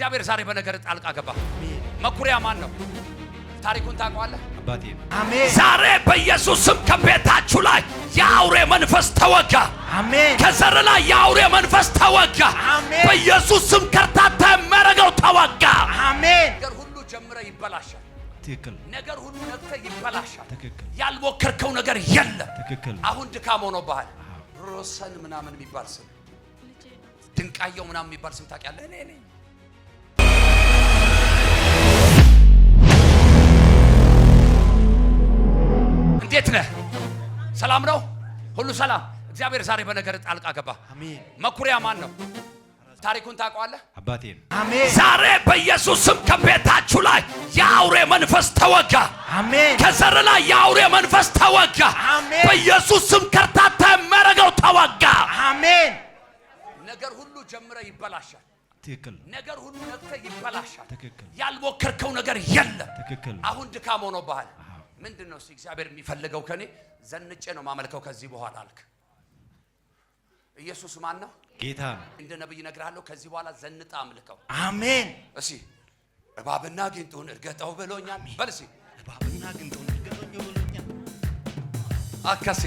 እግዚአብሔር ዛሬ በነገር ጣልቃ ገባ። መኩሪያ ማን ነው? ታሪኩን ታውቀዋለህ? አባቴ አሜን። ዛሬ በኢየሱስ ስም ከቤታችሁ ላይ የአውሬ መንፈስ ተወጋ። አሜን። ከዘር ላይ የአውሬ መንፈስ ተወጋ። አሜን። በኢየሱስ ስም ከርታታ የሚያደርገው ተወጋ። አሜን። ነገር ሁሉ ጀምረ ይበላሻል። ትክክል። ነገር ሁሉ ነግተ ይበላሻል። ትክክል። ያልሞከርከው ነገር የለም። ትክክል። አሁን ድካም ሆኖብሃል። ሮሰን ምናምን የሚባል ስም ድንቃየው ምናምን የሚባል ስም ታውቂያለህ? እኔ ነኝ እንዴት ነህ? ሰላም ነው? ሁሉ ሰላም? እግዚአብሔር ዛሬ በነገር ጣልቃ ገባ። አሜን። መኩሪያ ማን ነው? ታሪኩን ታውቀዋለህ? አባቴ ነው። አሜን። ዛሬ በኢየሱስ ስም ከቤታችሁ ላይ የአውሬ መንፈስ ተወጋ። አሜን። ከዘር ላይ የአውሬ መንፈስ ተወጋ። አሜን። በኢየሱስ ስም ከርታታ የማያደርገው ተወጋ። አሜን። ነገር ሁሉ ጀምረ ይበላሻል። ትክክል። ነገር ሁሉ ነክተ ይበላሻል። ትክክል። ያልሞከርከው ነገር የለም። ትክክል። አሁን ድካም ሆኖብሃል። ምንድን ነው እግዚአብሔር የሚፈልገው ከኔ? ዘንጬ ነው ማመልከው ከዚህ በኋላ አልክ። ኢየሱስ ማን ነው? ጌታ ነው። እንደ ነብይ እነግርሃለሁ። ከዚህ በኋላ ዘንጣ አምልከው። አሜን። እሺ እባብና ጊንጡን እርገጠው ብሎኛል። በል እስኪ እባብና ጊንጡን እርገጠው ብሎኛል። አካሲ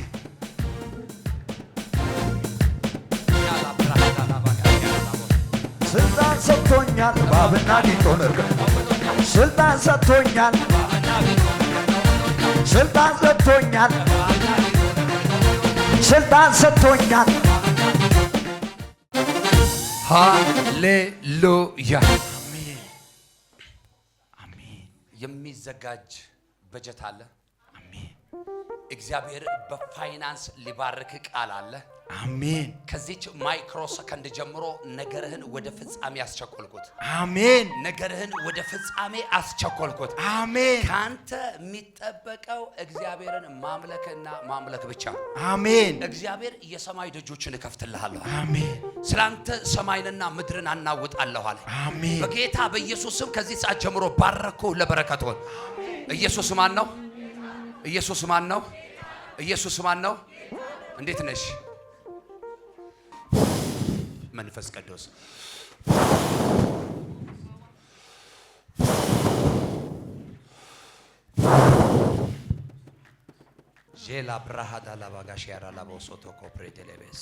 ስልጣን ሰጥቶኛል። እባብና ጊንጡን እርገጠው ስልጣን ሰጥቶኛል። ስልጣን ሰጥቶኛል፣ ስልጣን ሰጥቶኛል። ሃሌሉያ አሜን። የሚዘጋጅ በጀት አለ። እግዚአብሔር በፋይናንስ ሊባርክ ቃል አለ። አሜን። ከዚች ማይክሮ ሰከንድ ጀምሮ ነገርህን ወደ ፍጻሜ አስቸኮልኩት። አሜን። ነገርህን ወደ ፍጻሜ አስቸኮልኩት። አሜን። ካንተ የሚጠበቀው እግዚአብሔርን ማምለክና ማምለክ ብቻ። አሜን። እግዚአብሔር የሰማይ ደጆችን እከፍትልሃለሁ። አሜን። ስላንተ ሰማይንና ምድርን አናውጣለሁ አለ። አሜን። በጌታ በኢየሱስም ከዚህ ሰዓት ጀምሮ ባረኩ። ለበረከት ሆን ኢየሱስ ማን ነው? ኢየሱስ ማን ነው? ኢየሱስ ማን ነው? እንዴት ነሽ? መንፈስ ቅዱስ ጄላ ብራሃዳ ላባጋሽ ያራ ላቦሶቶ ኮፕሬ ቴሌቤስ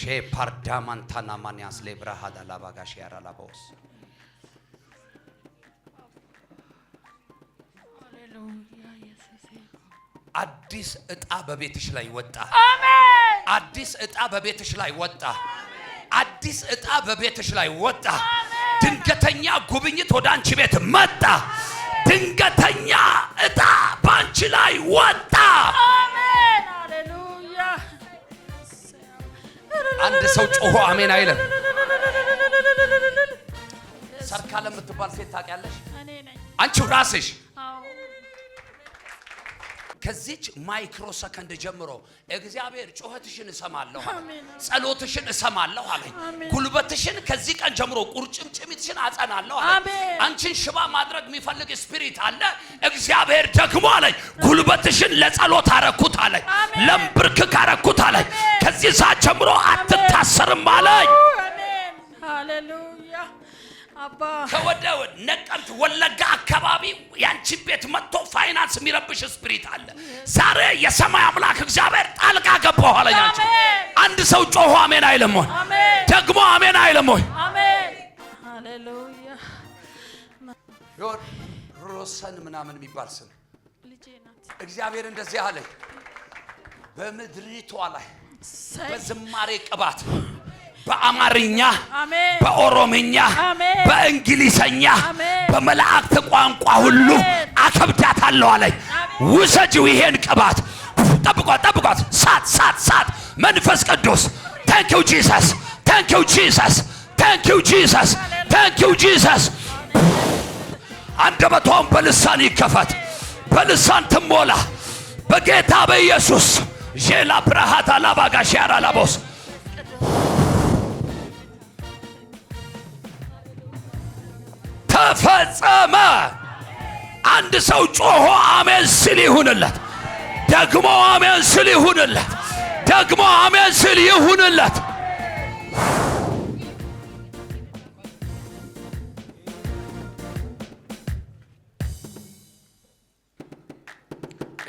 ሼ ፓርዳማንታና ማንያስ ሌ ብራሃዳ ላባጋሽ ያራ ላቦስ ሃሌሉያ አዲስ እጣ በቤትሽ ላይ ወጣ። አዲስ እጣ በቤትሽ ላይ ወጣ። አዲስ እጣ በቤትሽ ላይ ወጣ። ድንገተኛ ጉብኝት ወደ አንቺ ቤት መጣ። ድንገተኛ እጣ በአንቺ ላይ ወጣ። አንድ ሰው ጮሆ አሜን አይለም። ሰርካ ለምትባል ሴት ታውቂያለሽ? አንቺው ራስሽ ከዚች ማይክሮ ሰከንድ ጀምሮ እግዚአብሔር ጩኸትሽን እሰማለሁ ጸሎትሽን እሰማለሁ አለ፣ ጉልበትሽን ከዚህ ቀን ጀምሮ ቁርጭምጭሚትሽን አጸናለሁ አለ። አንቺን ሽባ ማድረግ የሚፈልግ ስፒሪት አለ። እግዚአብሔር ደግሞ አለ ጉልበትሽን ለጸሎት አረኩት አለ፣ ለምብርክክ አረኩት አለ። ከዚህ ሰዓት ጀምሮ አትታሰርም አለኝ። ከወደ ነቀምት ወለጋ አካባቢ ያንቺ ቤት መጥቶ ፋይናንስ የሚረብሽ ስፒሪት አለ። ዛሬ የሰማይ አምላክ እግዚአብሔር ጣልቃ ገባ። ኋላ ያንቺ አንድ ሰው ጮሆ አሜን አይልም ወይ? ደግሞ አሜን አይልም ወይ? ሮሰን ምናምን የሚባል ስም እግዚአብሔር እንደዚህ አለኝ በምድሪቷ ላይ በዝማሬ ቅባት በአማርኛ፣ በኦሮምኛ፣ በእንግሊዘኛ በመላእክት ቋንቋ ሁሉ አከብዳታለሁ አለኝ። ውሰጂው ይሄን ቅባት ጠብቋት፣ ጠብቋት። ሳት ሳት ሳት መንፈስ ቅዱስ ታንክ ዩ ጂሰስ፣ ታንክ ዩ ጂሰስ፣ ታንክ ዩ ጂሰስ፣ ታንክ ዩ ጂሰስ። አንደበቷን በልሳን ይከፈት፣ በልሳን ትሞላ በጌታ በኢየሱስ ዤላ ብርሃት አላባጋ ሻራ ላቦስ ተፈጸመ። አንድ ሰው ጮሆ አሜን ስል ይሁንለት። ደግሞ አሜን ስል ይሁንለት። ደግሞ አሜን ስል ይሁንለት።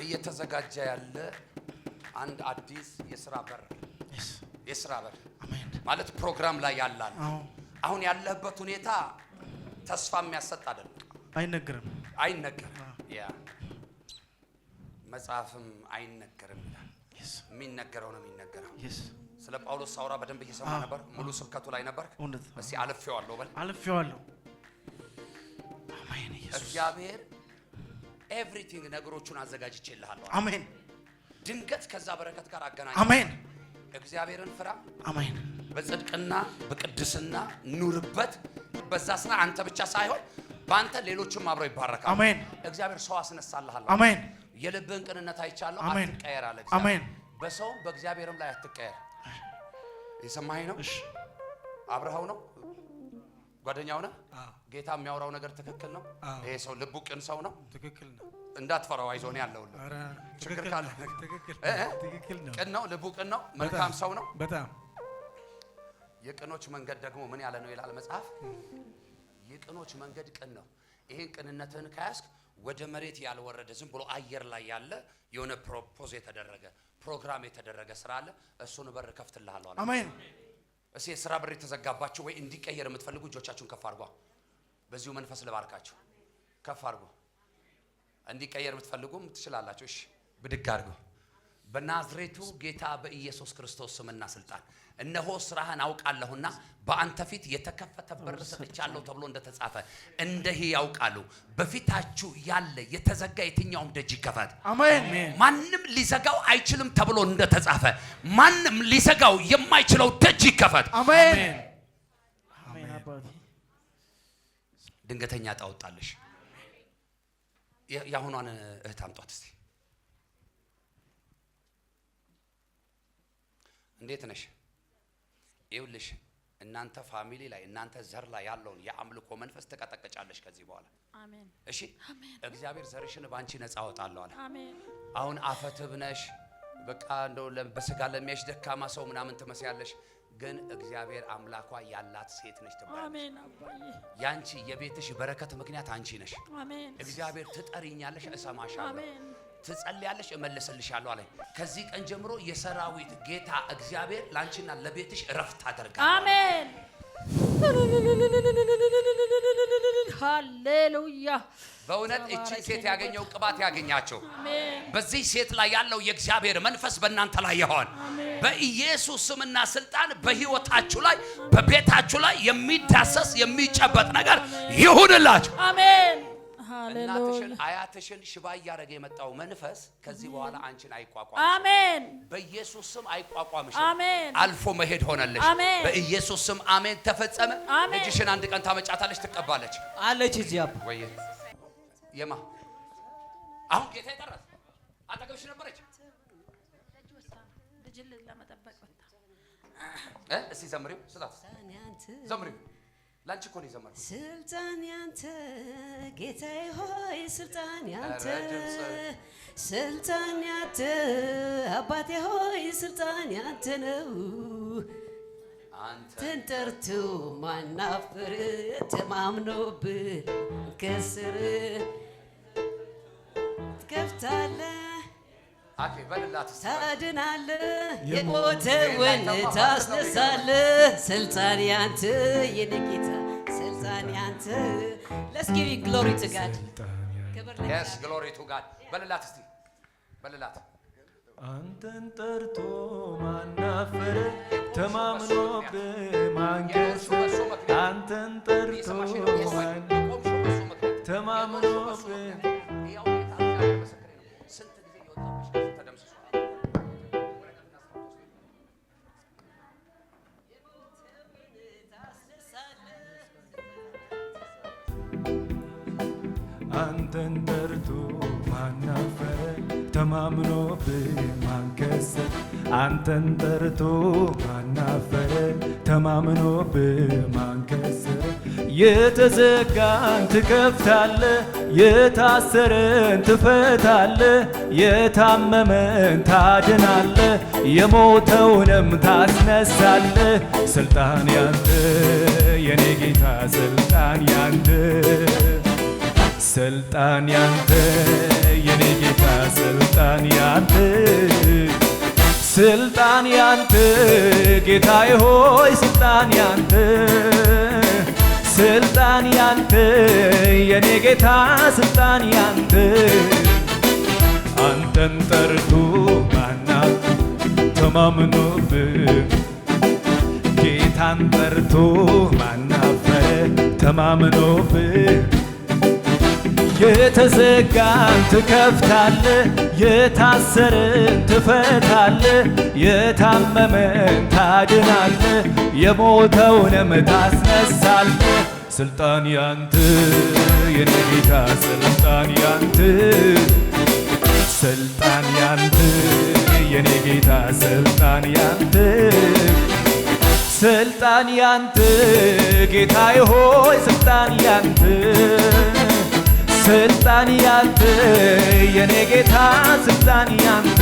እየተዘጋጀ ያለ አንድ አዲስ የስራ በር የስራ በር ማለት ፕሮግራም ላይ ያላል። አሁን ያለህበት ሁኔታ ተስፋ የሚያሰጥ አይደለም። አይነገርም አይነገርም። ያ መጽሐፍም አይነገርም ይላል። የሚነገረው ነው የሚነገረው። ስለ ጳውሎስ ሳውራ በደንብ እየሰማ ነበር። ሙሉ ስብከቱ ላይ ነበር። እስቲ አልፌዋለሁ በል አልፌዋለሁ። እግዚአብሔር ኤቭሪቲንግ ነገሮቹን አዘጋጅቼልሃለሁ። አሜን። ድንገት ከዛ በረከት ጋር አገናኝ። አሜን። እግዚአብሔርን ፍራ። አሜን። በጽድቅና በቅድስና ኑርበት። በዛ ስራ አንተ ብቻ ሳይሆን በአንተ ሌሎችም አብረው ይባረካሉ። አሜን። እግዚአብሔር ሰው አስነሳልሃለሁ። አሜን። የልብህን ቅንነት አይቻለሁ። አትቀየር አለ። አሜን። በሰውም በእግዚአብሔርም ላይ አትቀየር። የሰማኸኝ ነው። አብረኸው ነው ጓደኛው ነው። ጌታ የሚያወራው ነገር ትክክል ነው። ይሄ ሰው ልቡ ቅን ሰው ነው። ትክክል ነው። እንዳትፈራው፣ አይዞህ እኔ አለሁልህ። ችግር ካለ ቅን ነው፣ ልቡ ቅን ነው፣ መልካም ሰው ነው። በጣም የቅኖች መንገድ ደግሞ ምን ያለ ነው ይላል መጽሐፍ። የቅኖች መንገድ ቅን ነው። ይህን ቅንነትን ከያዝክ ወደ መሬት ያልወረደ ዝም ብሎ አየር ላይ ያለ የሆነ ፕሮፖዝ የተደረገ ፕሮግራም የተደረገ ስራ አለ። እሱን በር ከፍትልሃለሁ። አሜን። እሺ፣ የስራ በር የተዘጋባችሁ ወይ እንዲቀየር የምትፈልጉ እጆቻችሁን ከፍ አድርጓ። በዚሁ መንፈስ ልባርካችሁ። ከፍ አድርጎ እንዲቀየር የምትፈልጉም ትችላላችሁ። እሺ፣ ብድግ አድርጎ በናዝሬቱ ጌታ በኢየሱስ ክርስቶስ ስምና ስልጣን እነሆ ስራህን አውቃለሁና በአንተ ፊት የተከፈተ በር oh, ሰጥቻለሁ ተብሎ እንደተጻፈ እንደህ ያውቃሉ። በፊታችሁ ያለ የተዘጋ የትኛውም ደጅ ይከፈት፣ ማንም ሊዘጋው አይችልም ተብሎ እንደተጻፈ ማንም ሊዘጋው የማይችለው ደጅ ይከፈት። አሜን። ድንገተኛ ጣወጣለሽ። የአሁኗን እህት አምጧት እስቲ እንዴት ነሽ? ይኸውልሽ እናንተ ፋሚሊ ላይ እናንተ ዘር ላይ ያለውን የአምልኮ መንፈስ ትቀጠቅጫለሽ ከዚህ በኋላ አሜን። እሺ እግዚአብሔር ዘርሽን ባንቺ ነፃ አወጣለሁ አለ። አሜን። አሁን አፈትብ ነሽ በቃ እንደው በስጋ ለሚያሽ ደካማ ሰው ምናምን ትመስያለሽ፣ ግን እግዚአብሔር አምላኳ ያላት ሴት ነሽ ትባላለሽ። ያንቺ የቤትሽ በረከት ምክንያት አንቺ ነሽ። አሜን። እግዚአብሔር ትጠሪኛለሽ፣ እሰማሻለሁ ትጸልያለሽ፣ እመልስልሻለሁ አለ። ከዚህ ቀን ጀምሮ የሰራዊት ጌታ እግዚአብሔር ላንቺና ለቤትሽ እረፍት አደርጋለሁ። አሜን፣ ሃሌሉያ። በእውነት እችን ሴት ያገኘው ቅባት ያገኛቸው። በዚህ ሴት ላይ ያለው የእግዚአብሔር መንፈስ በእናንተ ላይ ይሆን በኢየሱስ ስምና ስልጣን። በህይወታችሁ ላይ በቤታችሁ ላይ የሚዳሰስ የሚጨበጥ ነገር ይሁንላችሁ። አሜን። እናትሽን አያትሽን ሽባ እያደረገ የመጣው መንፈስ ከዚህ በኋላ አንቺን አይቋቋምሽ። አሜን። በኢየሱስ ስም አይቋቋምሽ። አሜን። አልፎ መሄድ ሆነልሽ። አሜን። በኢየሱስ ስም አሜን። ተፈጸመ። ልጅሽን አንድ ቀን ታመጫታለች፣ ትቀባለች አለች። እዚህ አባ ወይ የማ አሁን ጌታ የጠራት አጠገብሽ ነበረች። እስቲ ዘምሪው ስላት ዘምሪው ላንቺ እኮ ነው የዘመርኩት። ስልጣን ያንተ ጌታዬ ሆይ ስልጣን ያንተ ስልጣን ያንተ አባቴ ሆይ ስልጣን ያንተ ነው። አንተን ጠርቶ ማናፍር ተማምኖብ ከስር ትከፍታለህ ታድናለ የሞተውን ታስነሳለ ስልጣን ያንተ የኔ ጌታ ስልጣን ያንተ ለስ ጊቪ ግሎሪ ቱ ጋድ ግሎሪ ቱ ጋድ በልላት እስቲ በልላት አንተን ጠርቶ ማናፈረ አንተን ጠርቶ አንተን ጠርቶ ማናፈር ተማምኖብህ ማንከሰር አንተን ጠርቶ ማናፈር ተማምኖብህ ማንከሰር የተዘጋን ትከፍታለ፣ የታሰረን ትፈታለ፣ የታመመን ታድናለ፣ የሞተውንም ታስነሳለ። ስልጣን ያንተ የኔ ጌታ ስልጣን ያንተ ስልጣን ያንተ የኔ ጌታ ስልጣን ያንተ ስልጣን ያንተ ጌታዬ ሆይ ስልጣን ያንተ ስልጣን ያንተ የኔ ጌታ ስልጣን ያንተ አንተን ጠርቶ ማና ተማምኖብ ጌታን ጠርቶ ማናፈ ተማምኖብ የተዘጋን ትከፍታለ፣ የታሰርን ትፈታለ፣ የታመመን ታድናለ፣ የሞተውንም ታስነሳለ። ስልጣን ያንተ የኔ ጌታ ስልጣን ያንተ ስልጣን ያንተ የኔ ጌታ ስልጣን ያንተ ስልጣን ያንተ ጌታዬ ሆይ ስልጣን ያንተ ስልጣን ያንተ የኔ ጌታ ስልጣን ያንተ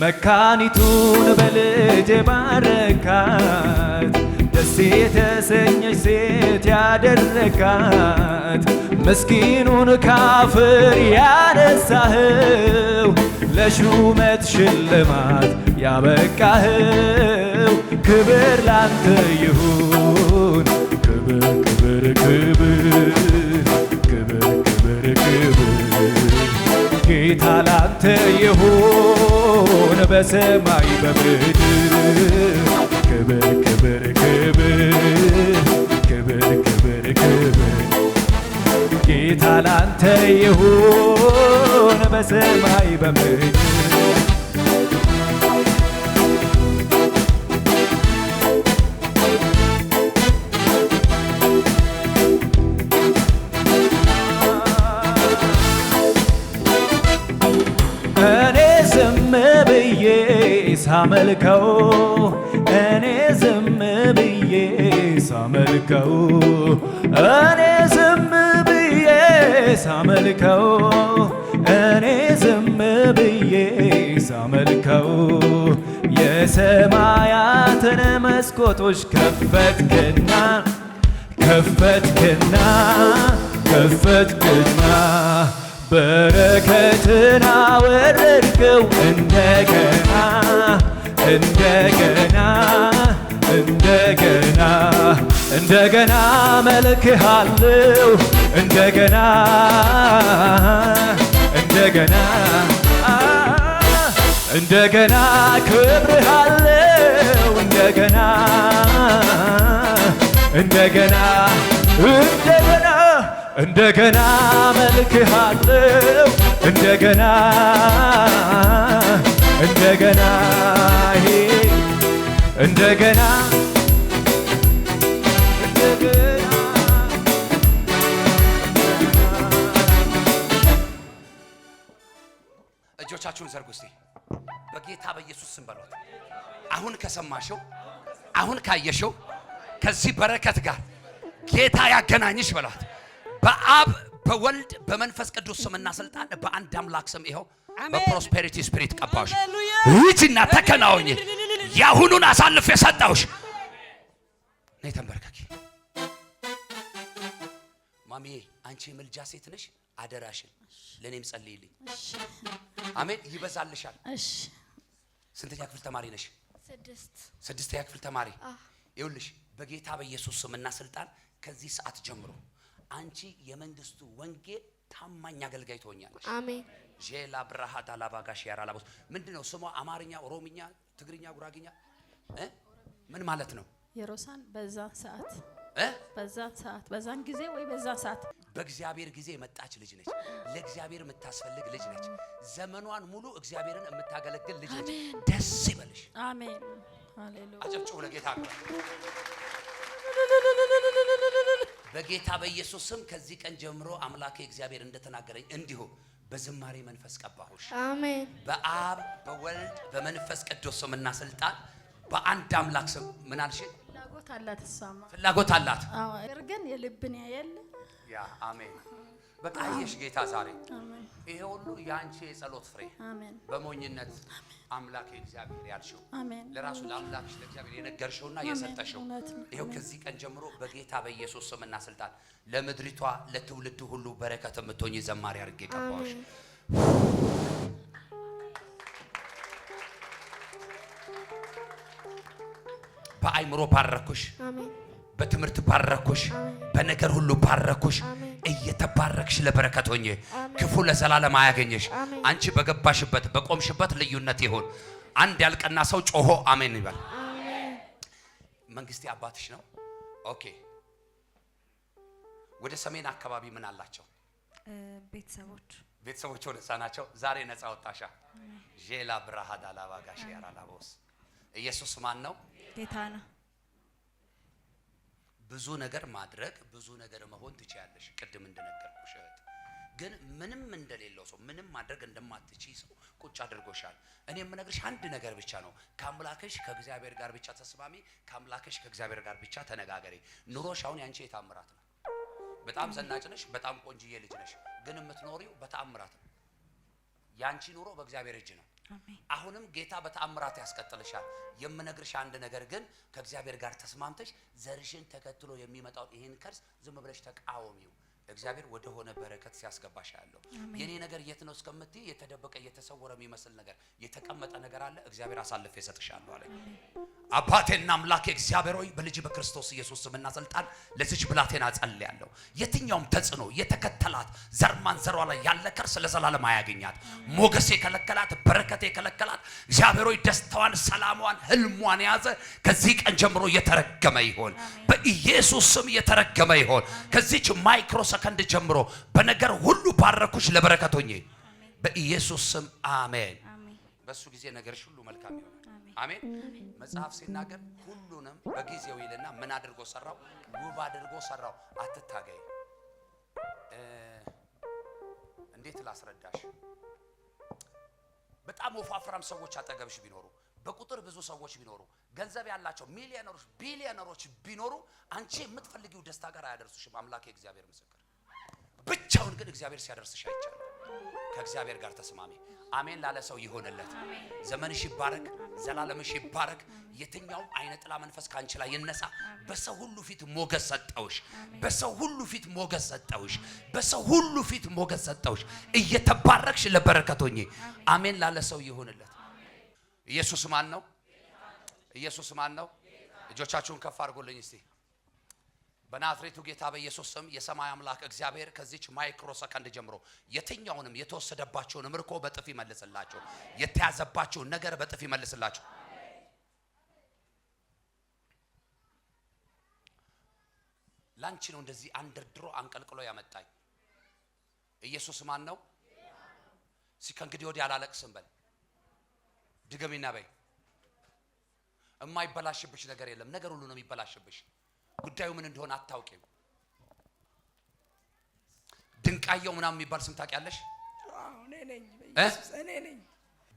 መካኒቱን በልጅ ባረካት ደስ የተሰኘች ሴት ያደረካት ምስኪኑን ካፍር ያነሳህው ለሹመት ሽልማት ያበቃህው ክብር ላንተ ይሁን ክብር ክብር ክብር ጌታ ላንተ ይሁን በሰማይ በምድር ክብር ክብር ክብር ክብር ክብር ክብር ጌታ ላንተ ይሁን በሰማይ በምድር ሳመልከው እኔ ዝም ብዬ ሳመልከው እኔ ዝም ብዬ ሳመልከው እኔ ዝም ብዬ ሳመልከው የሰማያትን መስኮቶች ከፈትክና ከፈትክና ከፈትክና በረከትና ወረድከው እንደገና እንደገና እንደገና እንደገና መልክሃለው እንደገና እንደገና እንደገና ክብርሃለው እንደገና እንደገና እንደገና መልክሃለው እንደገና እንደገና እንደገና እጆቻችሁን ዘርጉ እስቲ በጌታ በኢየሱስ ስም በሏት። አሁን ከሰማሽው፣ አሁን ካየሽው ከዚህ በረከት ጋር ጌታ ያገናኝሽ በሏት። በአብ በወልድ በመንፈስ ቅዱስ ስምና ስልጣን በአንድ አምላክ ስም ይኸው በፕሮስፔሪቲ ስፒሪት ቀባሁሽ። ሂጂና ተከናወኝ። ያሁኑን አሳልፍ የሰጠሁሽ ነይ ተንበርከኪ። ማሚዬ አንቺ የምልጃ ሴት ነሽ። አደራሽን ለእኔም ጸልይልኝ። አሜን። ይበዛልሻል። ስንተኛ ክፍል ተማሪ ነሽ? ስድስተኛ ክፍል ተማሪ። ይኸውልሽ በጌታ በኢየሱስ ስምና ስልጣን ከዚህ ሰዓት ጀምሮ አንቺ የመንግስቱ ወንጌል ታማኝ አገልጋይ ትሆኛለሽ። አሜን። ጄላ ብራሃታ ላባጋሽ ያራላቦስ ምንድን ነው ስሟ? አማርኛ፣ ኦሮምኛ፣ ትግርኛ፣ ጉራግኛ ምን ማለት ነው? የሮሳን በዛን ሰዓት በዛን ሰዓት በዛን ጊዜ ወይ በዛ ሰዓት በእግዚአብሔር ጊዜ የመጣች ልጅ ነች። ለእግዚአብሔር የምታስፈልግ ልጅ ነች። ዘመኗን ሙሉ እግዚአብሔርን የምታገለግል ልጅ ነች። ደስ ይበልሽ። አሜን። አጨብጭቡ ለጌታ። በጌታ በኢየሱስ ስም ከዚህ ቀን ጀምሮ አምላኬ እግዚአብሔር እንደተናገረኝ እንዲሁ በዝማሬ መንፈስ ቀባሁሽ። አሜን። በአብ በወልድ በመንፈስ ቅዱስ ስምና ስልጣን በአንድ አምላክ ስም ምን አልሽ? ፍላጎት አላት እሷማ፣ ፍላጎት አላት። አዎ ግን የልብን ያየል ሃሌሉያ አሜን። በቃ አየሽ ጌታ ዛሬ ይሄ ሁሉ የአንቺ የጸሎት ፍሬ በሞኝነት አምላክ እግዚአብሔር ያልሽው ለራሱ ለአምላክሽ ለእግዚአብሔር የነገርሽውና የሰጠሽው ይኸው ከዚህ ቀን ጀምሮ በጌታ በኢየሱስ ስምና ስልጣን ለምድሪቷ ለትውልድ ሁሉ በረከት የምትሆኝ ዘማሪ አድርጌ ቀባዎች። በአይምሮ ባረኩሽ። በትምህርት ባረኩሽ፣ በነገር ሁሉ ባረኩሽ። እየተባረክሽ ለበረከት ሆኜ ክፉ ለዘላለም አያገኘሽ። አንቺ በገባሽበት በቆምሽበት ልዩነት ይሁን። አንድ ያልቀና ሰው ጮሆ አሜን ይበል። መንግስቴ አባትሽ ነው። ኦኬ። ወደ ሰሜን አካባቢ ምን አላቸው? ቤተሰቦች ቤተሰቦች ወደ ናቸው። ዛሬ ነፃ ወጣሻ። ዤላ ብራሃዳ ላባጋሽ ያራላቦስ ኢየሱስ ማን ነው? ጌታ ነው። ብዙ ነገር ማድረግ ብዙ ነገር መሆን ትችያለሽ። ቅድም እንደነገርኩሽ እህት ግን ምንም እንደሌለው ሰው ምንም ማድረግ እንደማትች ሰው ቁጭ አድርጎሻል። እኔ የምነግርሽ አንድ ነገር ብቻ ነው። ከአምላክሽ ከእግዚአብሔር ጋር ብቻ ተስማሚ። ከአምላክሽ ከእግዚአብሔር ጋር ብቻ ተነጋገሪ። ኑሮሽ አሁን ያንቺ የታምራት ነው። በጣም ዘናጭ ነሽ። በጣም ቆንጅዬ ልጅ ነሽ። ግን የምትኖሪው በታምራት ነው። ያንቺ ኑሮ በእግዚአብሔር እጅ ነው። አሁንም ጌታ በተአምራት ያስቀጥልሻል። የምነግርሽ አንድ ነገር ግን ከእግዚአብሔር ጋር ተስማምተሽ ዘርሽን ተከትሎ የሚመጣው ይህን ከርስ ዝም ብለሽ ተቃወሚው። እግዚአብሔር ወደ ሆነ በረከት ሲያስገባሽ ያለው የኔ ነገር የት ነው እስከምት የተደበቀ የተሰወረ የሚመስል ነገር የተቀመጠ ነገር አለ። እግዚአብሔር አሳልፌ እሰጥሻለሁ አለኝ። አባቴና አምላኬ እግዚአብሔር ሆይ በልጅ በክርስቶስ ኢየሱስ ስምና ስልጣን ለዚች ብላቴና ጸልያለሁ። የትኛውም ተጽዕኖ የተከተላት ዘርማን ዘሯ ላይ ያለ ከርስ ለዘላለም አያገኛት። ሞገስ የከለከላት፣ በረከት የከለከላት እግዚአብሔር ሆይ ደስታዋን፣ ሰላሟን፣ ህልሟን የያዘ ከዚህ ቀን ጀምሮ የተረገመ ይሆን፣ በኢየሱስ ስም የተረገመ ይሆን። ከዚች ማይክሮ ሰከንድ ጀምሮ በነገር ሁሉ ባረኩሽ፣ ለበረከቶኝ በኢየሱስ ስም አሜን። በእሱ ጊዜ ነገርሽ ሁሉ መልካም ይሆን። አሜን። መጽሐፍ ሲናገር ሁሉንም በጊዜው ይልና ምን አድርጎ ሰራው? ውብ አድርጎ ሰራው። አትታገይ። እንዴት ላስረዳሽ? በጣም ወፋፍራም ሰዎች አጠገብሽ ቢኖሩ በቁጥር ብዙ ሰዎች ቢኖሩ ገንዘብ ያላቸው ሚሊዮነሮች፣ ቢሊዮነሮች ቢኖሩ አንቺ የምትፈልጊው ደስታ ጋር አያደርሱሽም። አምላኬ እግዚአብሔር ምስክር። ብቻውን ግን እግዚአብሔር ሲያደርስሽ አይቻልም። ከእግዚአብሔር ጋር ተስማሚ። አሜን ላለ ሰው ይሆንለት። ዘመንሽ ይባረክ፣ ዘላለምሽ ይባረክ። የትኛውም አይነ ጥላ መንፈስ ካንቺ ላይ ይነሳ። በሰው ሁሉ ፊት ሞገስ ሰጠውሽ። በሰው ሁሉ ፊት ሞገስ ሰጠውሽ። በሰው ሁሉ ፊት ሞገስ ሰጠውሽ። እየተባረክሽ ለበረከቶኝ። አሜን ላለ ሰው ይሆንለት። ኢየሱስ ማን ነው? ኢየሱስ ማን ነው? እጆቻችሁን ከፍ አድርጎልኝ እስቲ በናዝሬቱ ጌታ በኢየሱስ ስም የሰማይ አምላክ እግዚአብሔር ከዚች ማይክሮ ሰከንድ ጀምሮ የትኛውንም የተወሰደባቸውን ምርኮ በጥፊ መልስላቸው። የተያዘባቸውን ነገር በጥፊ መልስላቸው። ላንቺ ነው እንደዚህ አንደርድሮ አንቀልቅሎ ያመጣኝ። ኢየሱስ ማን ነው? እስኪ ከእንግዲህ ወዲህ አላለቅስም በል። ድገሚና በይ። የማይበላሽብሽ ነገር የለም። ነገር ሁሉ ነው የሚበላሽብሽ። ጉዳዩ ምን እንደሆነ አታውቂም። ድንቃየው ምናምን የሚባል ስም ታውቂያለሽ?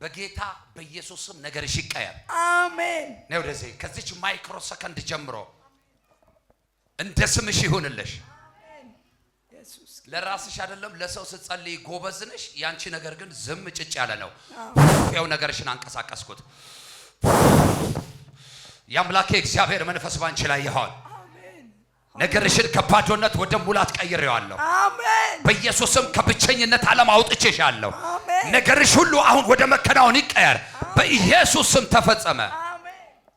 በጌታ በኢየሱስም ስም ነገርሽ ይቀየር። አሜን። ነው ወደዚህ ከዚች ማይክሮ ሰከንድ ጀምሮ እንደ ስምሽ ይሁንልሽ። ለራስሽ አይደለም ለሰው ስትጸልይ ጎበዝ ነሽ። ያንቺ ነገር ግን ዝም ጭጭ ያለ ነው። ያው ነገርሽን አንቀሳቀስኩት። የአምላኬ እግዚአብሔር መንፈስ ባንቺ ላይ ይሆን። ነገርሽን ከባዶነት ወደ ሙላት ቀይሬዋለሁ። አሜን። በኢየሱስም ከብቸኝነት ዓለም አውጥቼሻለሁ። ነገርሽ ሁሉ አሁን ወደ መከናወን ይቀየር። በኢየሱስም ተፈጸመ።